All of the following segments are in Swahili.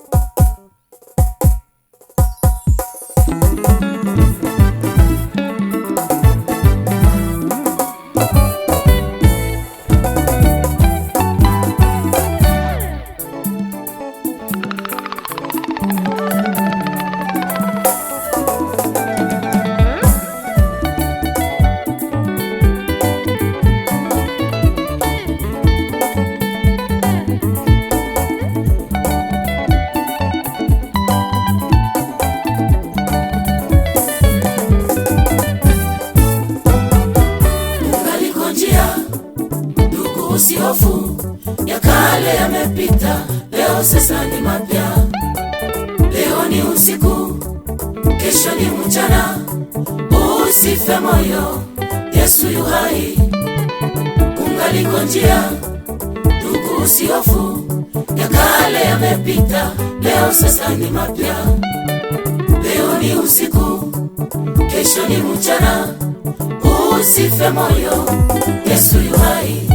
Thank you. sasa ni mapya. Leo ni usiku, kesho ni mchana. Usife moyo, Yesu yu hai, kungaliko njia. Ndugu, usihofu, ya kale yamepita, leo sasa ni mapya. Leo ni usiku, kesho ni mchana. Usife moyo, Yesu yu hai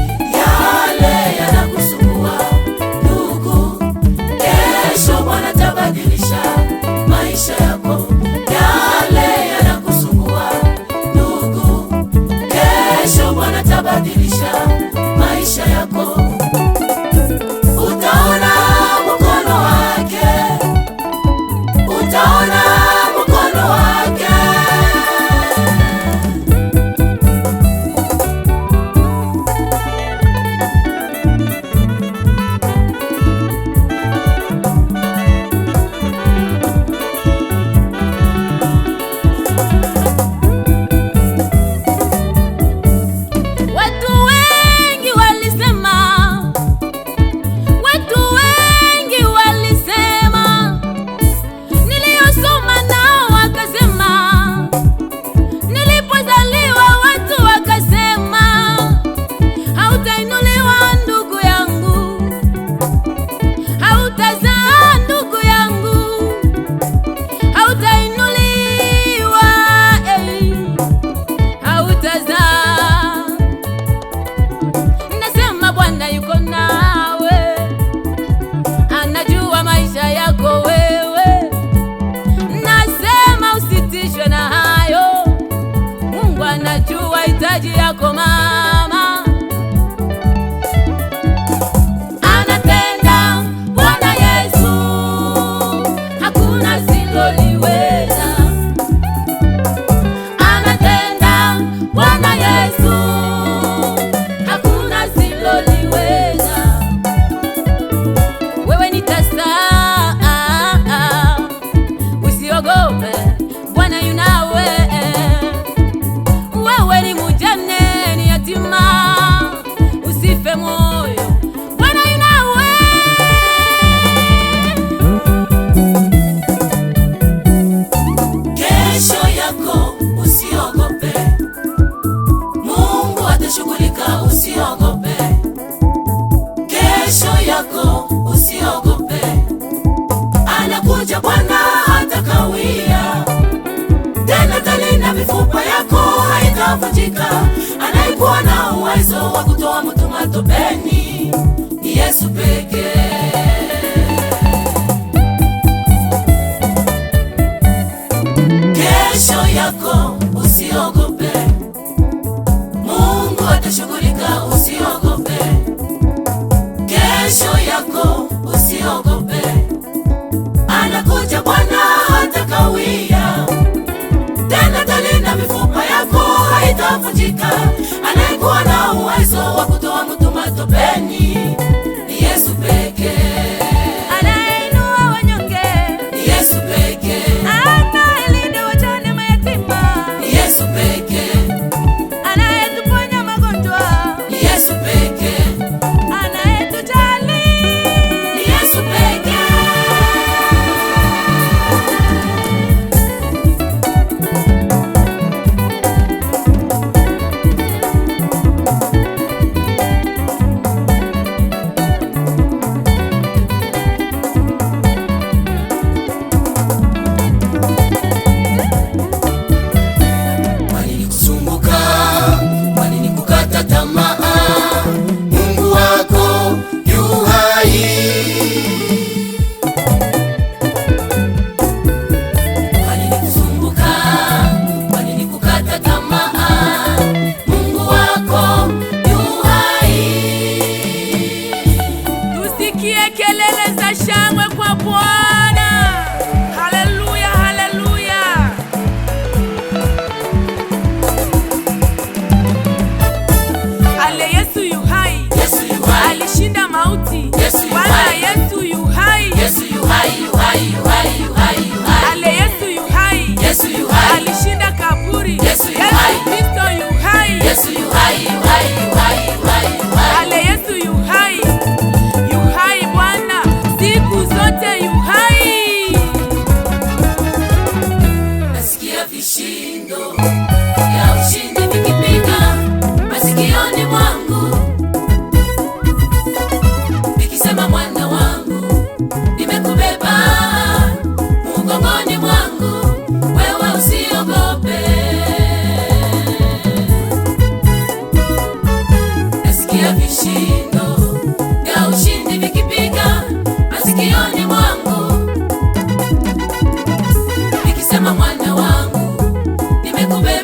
unavunjika, anayekuwa na uwezo wa kutoa mtu matopeni unavunjika. Anayekuwa na uwezo wa kutoa mtu matopeni ni Yesu pekee. nimesema mwana wangu nimekupenda.